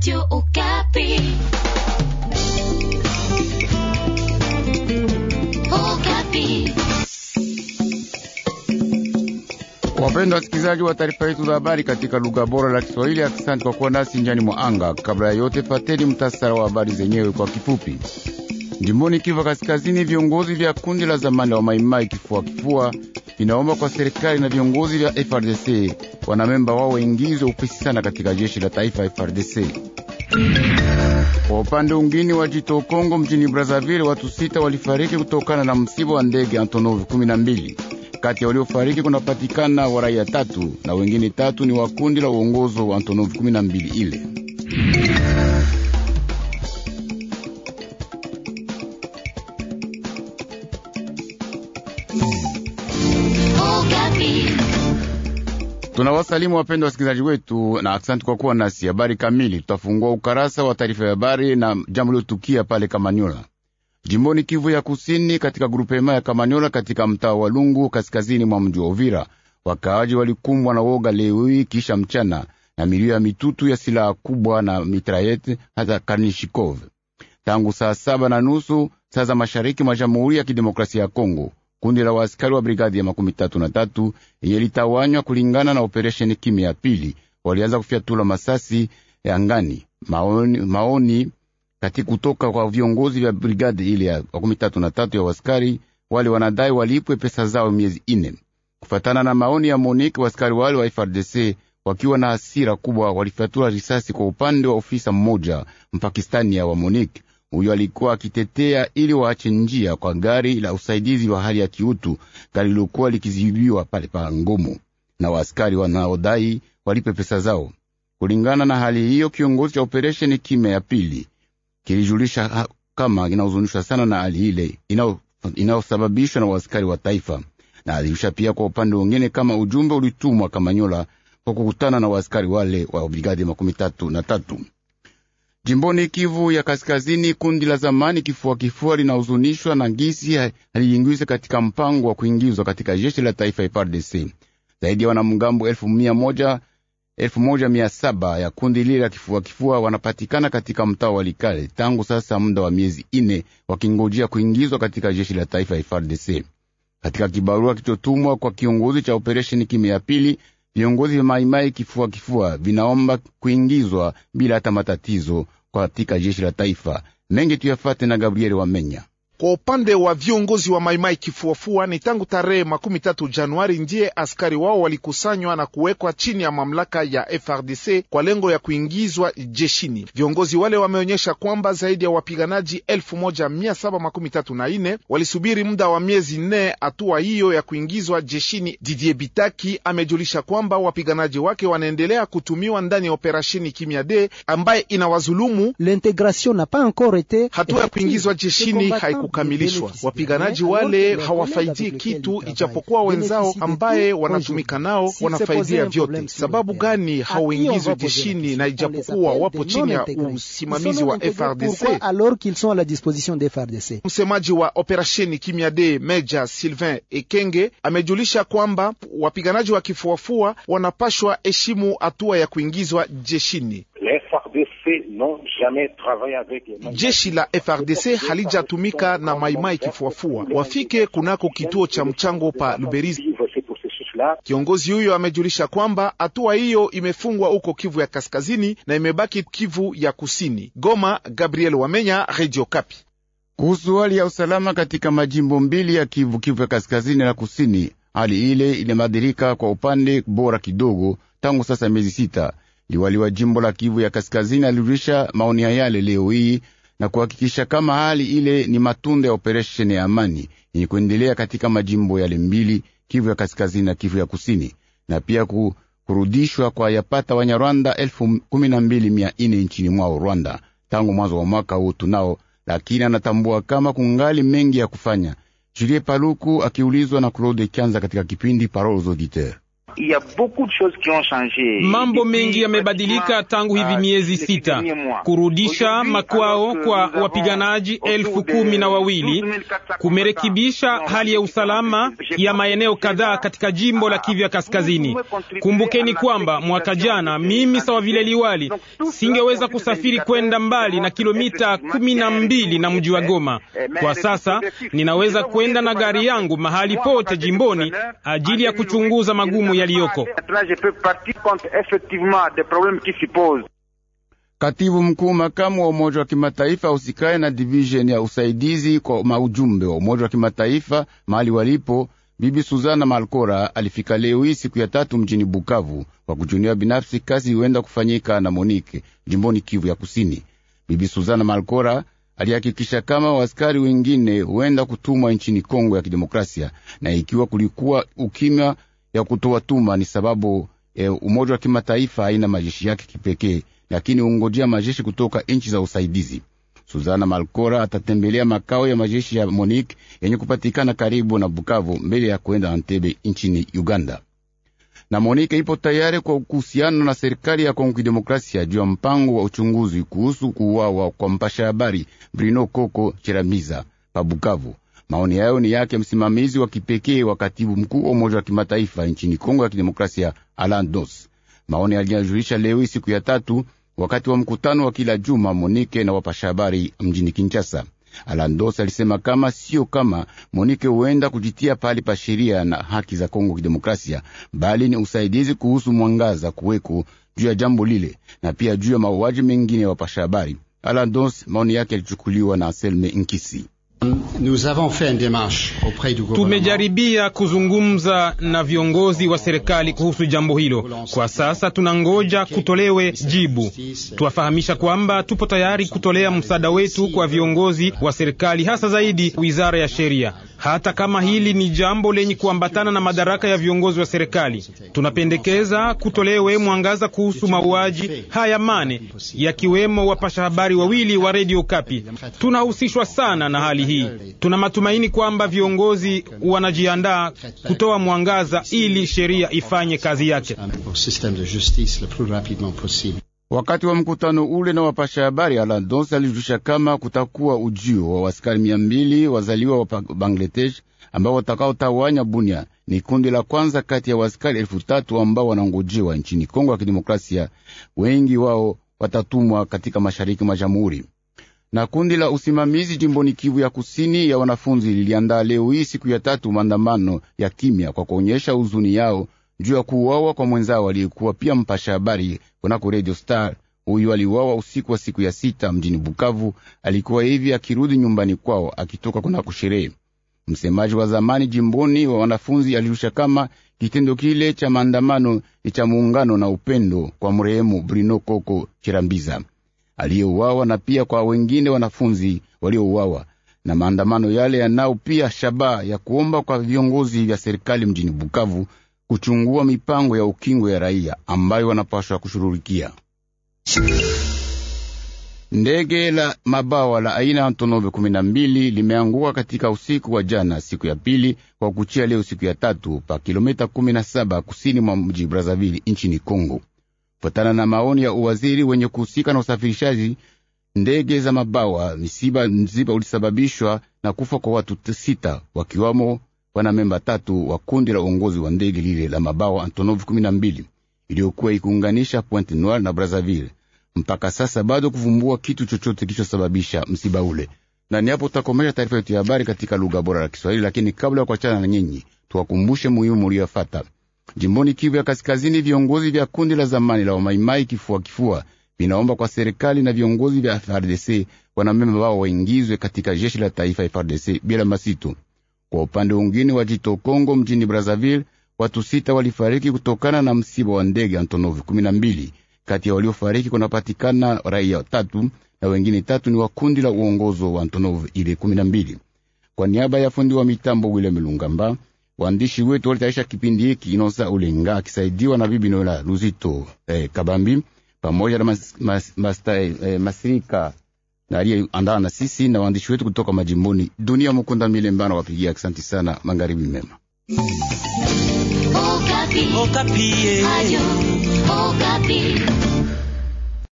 Radio Okapi. Okapi. Wapendwa wasikilizaji wa taarifa yetu za habari katika lugha bora la Kiswahili, asante kwa kuwa nasi njani mwa anga. Kabla ya yote, fateni mtasara wa habari zenyewe kwa kifupi. Jimboni Kivu Kaskazini, viongozi vya kundi la zamani wa Maimai kifua kifua vinaomba kwa serikali na viongozi vya FRDC wanamemba wao waingizwe upesi sana katika jeshi la taifa FRDC. Kwa upande ungini wa jito Kongo mjini Brazzaville, watu sita walifariki kutokana na msiba wa ndege Antonov 12. Kati ya waliofariki kunapatikana waraia tatu na wengine tatu ni wa kundi la uongozo wa Antonov 12 ile. Tunawasalimu wapendwa wasikilizaji wetu na asante kwa kuwa nasi. Habari kamili tutafungua ukarasa wa taarifa ya habari na jambo liotukia pale Kamanyola, jimboni Kivu ya Kusini, katika grupema ya Kamanyola katika mtaa wa Lungu, kaskazini mwa mji wa Uvira. Wakaaji walikumbwa na woga leo hii kisha mchana na milio ya mitutu ya silaha kubwa na mitrayete hata Karnishikov tangu saa saba na nusu saa za mashariki mwa Jamhuri ya Kidemokrasia ya Kongo kundi la waaskari wa brigadi ya makumi tatu na tatu yenye litawanywa kulingana na operesheni kimya ya pili, walianza kufyatula masasi ya angani. Maoni, maoni kati kutoka kwa viongozi vya brigadi ile ya makumi tatu na tatu ya waaskari wale wanadai walipwe pesa zao miezi ine. Kufatana na maoni ya Monique, waaskari wale wa FRDC wakiwa na hasira kubwa walifyatula risasi kwa upande wa ofisa mmoja mpakistania wa Monique huyo alikuwa akitetea ili waache njia kwa gari la usaidizi wa hali ya kiutu lilokuwa likizibiwa pale pa Ngumu na waaskari wanaodai walipe pesa zao. Kulingana na hali hiyo, kiongozi cha operesheni kime ya pili kilijulisha kama inahuzunishwa sana na hali ile inayosababishwa na waaskari wa taifa, na alijulisha pia kwa upande wengine kama ujumbe ulitumwa Kamanyola kwa kukutana na waaskari wale wa brigadi makumi tatu na tatu. Jimboni Kivu ya Kaskazini, kundi la zamani kifua kifua linahuzunishwa na ngisi haliingizwe katika mpango wa kuingizwa katika jeshi la taifa FARDC. Zaidi ya wanamgambo elfu mia moja elfu moja mia saba ya kundi lile la kifua kifua wanapatikana katika mtaa wa Likale tangu sasa muda wa miezi ine wakingojea kuingizwa katika jeshi la taifa FARDC. Katika kibarua kilichotumwa kwa kiongozi cha operesheni kime ya pili, viongozi vya Maimai kifua kifua vinaomba kuingizwa bila hata matatizo katika jeshi la taifa. Mengi tuyafate na Gabrieli Wamenya. Kwa upande wa viongozi wa Maimai kifuafua ni tangu tarehe makumi tatu Januari ndiye askari wao walikusanywa na kuwekwa chini ya mamlaka ya FRDC kwa lengo ya kuingizwa jeshini. Viongozi wale wameonyesha kwamba zaidi ya wapiganaji elfu moja mia saba makumi tatu na walisubiri muda wa miezi nne hatua hiyo ya kuingizwa jeshini. Didier Bitaki amejulisha kwamba wapiganaji wake wanaendelea kutumiwa ndani ya operasheni Kimia D ambaye inawazulumu hatua ya kuingizwa jeshini haiku kukamilishwa. Wapiganaji wale hawafaidii kitu, ijapokuwa wenzao ambaye wanatumika nao wanafaidia vyote. Sababu gani hawaingizwe jeshini na ijapokuwa wapo chini ya usimamizi wa FRDC? Msemaji wa operasheni Kimia D Meja Sylvain Ekenge amejulisha kwamba wapiganaji wa kifuafua wanapashwa heshimu hatua ya kuingizwa jeshini. Jeshi la FRDC halijatumika na maimai kifuafua, wafike kunako kituo cha mchango pa Luberizi. Kiongozi huyo amejulisha kwamba hatua hiyo imefungwa huko Kivu ya kaskazini na imebaki Kivu ya kusini. Goma, Gabriel Wamenya, Radio Kapi. Kuhusu hali ya usalama katika majimbo mbili ya Kivu, Kivu ya kaskazini na kusini, hali ile inabadilika kwa upande bora kidogo tangu sasa miezi sita. Liwali wa jimbo la Kivu ya Kaskazini alirudisha maoni yale leo hii na kuhakikisha kama hali ile ni matunda ya operesheni ya amani yenye kuendelea katika majimbo yale mbili, Kivu ya Kaskazini na Kivu ya Kusini, na pia ku, kurudishwa kwa yapata Wanyarwanda elfu kumi na mbili mia nne nchini mwao Rwanda tangu mwanzo wa mwaka huu tunao, lakini anatambua kama kungali mengi ya kufanya. Julie Paluku akiulizwa na Claude Kyanza katika kipindi Parole aux Auditeurs. Mambo mengi yamebadilika tangu hivi euh, miezi sita, kurudisha makwao kwa wapiganaji elfu kumi na wawili kumerekebisha hali ya usalama ya maeneo kadhaa katika jimbo la Kivu ya Kaskazini. Kumbukeni kwamba mwaka jana mimi sawa vile liwali singeweza kusafiri kwenda mbali na kilomita kumi na mbili na mji wa Goma. Eh, kwa sasa ninaweza kwenda na gari yangu mahali pote jimboni ajili ya kuchunguza magumu yaliyoko. Katibu mkuu makamu wa Umoja wa Kimataifa usikae na divisheni ya usaidizi kwa maujumbe wa Umoja wa Kimataifa mahali walipo, Bibi Suzana Malkora alifika leo hii siku ya tatu mjini Bukavu kwa kujuniwa binafsi kazi huenda kufanyika na Monike jimboni Kivu ya Kusini. Bibi Suzana Malkora alihakikisha kama waaskari wengine huenda kutumwa nchini Kongo ya Kidemokrasia, na ikiwa kulikuwa ukimya ya kutowatuma ni sababu e, umoja wa kimataifa haina majeshi yake kipekee, lakini ungojea majeshi kutoka nchi za usaidizi. Suzana Malkora atatembelea makao ya majeshi ya MONUC yenye kupatikana karibu na Bukavu mbele ya kwenda Antebe nchini Uganda. Na MONUC ipo tayari kwa kuhusiana na serikali ya Kongo Kidemokrasia juu ya mpango wa uchunguzi kuhusu kuuawa kwa mpasha habari Brino Koko Cheramiza pa Bukavu. Maoni hayo ni yake msimamizi wa kipekee wa katibu mkuu wa Umoja wa Kimataifa nchini Kongo ya Kidemokrasia, Alan Dos. Maoni aliyajulisha leo siku ya tatu wakati wa mkutano wa kila juma Monike na wapasha habari mjini Kinshasa. dos alisema kama sio kama Monike huenda kujitia pahali pa sheria na haki za Kongo Kidemokrasia, bali ni usaidizi kuhusu mwangaza kuweko juu ya jambo lile na pia juu ya mauaji mengine ya wapasha habari. dos maoni yake yalichukuliwa na Selme Nkisi. Tumejaribia kuzungumza na viongozi wa serikali kuhusu jambo hilo. Kwa sasa tunangoja kutolewe jibu. Tuwafahamisha kwamba tupo tayari kutolea msaada wetu kwa viongozi wa serikali, hasa zaidi wizara ya sheria hata kama hili ni jambo lenye kuambatana na madaraka ya viongozi wa serikali. Tunapendekeza kutolewe mwangaza kuhusu mauaji haya mane, yakiwemo wapasha habari wawili wa redio Kapi. Tunahusishwa sana na hali hii. Tuna matumaini kwamba viongozi wanajiandaa kutoa mwangaza ili sheria ifanye kazi yake. Wakati wa mkutano ule na wapasha habari, Alandonsi alijulisha kama kutakuwa ujio wa wasikari mia mbili wazaliwa wa Bangladesh ambao watakaotawanya Bunia. Ni kundi la kwanza kati ya wasikari elfu tatu ambao wanangojewa nchini Kongo ya Kidemokrasia. Wengi wao watatumwa katika mashariki mwa jamhuri. Na kundi la usimamizi jimboni Kivu ya kusini ya wanafunzi liliandaa leo hii siku ya tatu maandamano ya kimya kwa kuonyesha huzuni yao juu ya kuuawa kwa mwenzao aliyekuwa pia mpasha habari kunako Radio Star. Huyu aliuawa usiku wa siku ya sita mjini Bukavu. Alikuwa hivi akirudi nyumbani kwao akitoka kunako sherehe. Msemaji wa zamani jimboni wa wanafunzi alirusha kama kitendo kile cha maandamano ni cha muungano na upendo kwa mrehemu Bruno Koko Chirambiza aliyeuawa na pia kwa wengine wanafunzi waliouawa na maandamano yale yanao pia shabaha ya kuomba kwa viongozi vya serikali mjini Bukavu kuchungua mipango ya ukingo ya raia ambayo wanapaswa kushughulikia. Ndege la mabawa la aina ya Antonov 12 limeanguka katika usiku wa jana siku ya pili kwa kuchia leo siku ya tatu pa kilomita 17 kusini mwa mji Brazzaville nchini Kongo. Kufuatana na maoni ya uwaziri wenye kuhusika na usafirishaji ndege za mabawa, misiba mziba ulisababishwa na kufa kwa watu sita wakiwamo memba tatu wa kundi la uongozi wa ndege lile la mabawa Antonov 12 iliyokuwa ikiunganisha Pointe Noire na Brazzaville. Mpaka sasa bado kuvumbua kitu chochote kilichosababisha msiba ule, na ni hapo tutakomesha taarifa yetu ya habari katika lugha bora la Kiswahili. Lakini kabla ya kuachana na nyinyi, tuwakumbushe muhimu muliyoyafata. Jimboni Kivu ya Kaskazini, viongozi vya kundi la zamani la Wamaimai kifua kifua vinaomba kwa serikali na viongozi vya FRDC wanamemba wao waingizwe katika jeshi la taifa FRDC bila masitu. Kwa upande mwingine wa jito Kongo mjini Brazzaville, watu sita walifariki kutokana na msiba wa ndege Antonov 12. Kati ya waliofariki kunapatikana raia watatu na wengine tatu ni wa kundi la uongozo wa Antonov ile 12. Kwa niaba ya fundi wa mitambo William Lungamba, waandishi wetu walitayarisha kipindi hiki Inosa Ulenga akisaidiwa na bibi Noela Luzito eh, Kabambi pamoja na mas, mas, mas, mas, eh, eh Masirika na aliyeandaa na sisi na waandishi wetu kutoka majimboni. Dunia Mukunda mbana wapigia asante sana. Magharibi mema. Okapi. Okapi.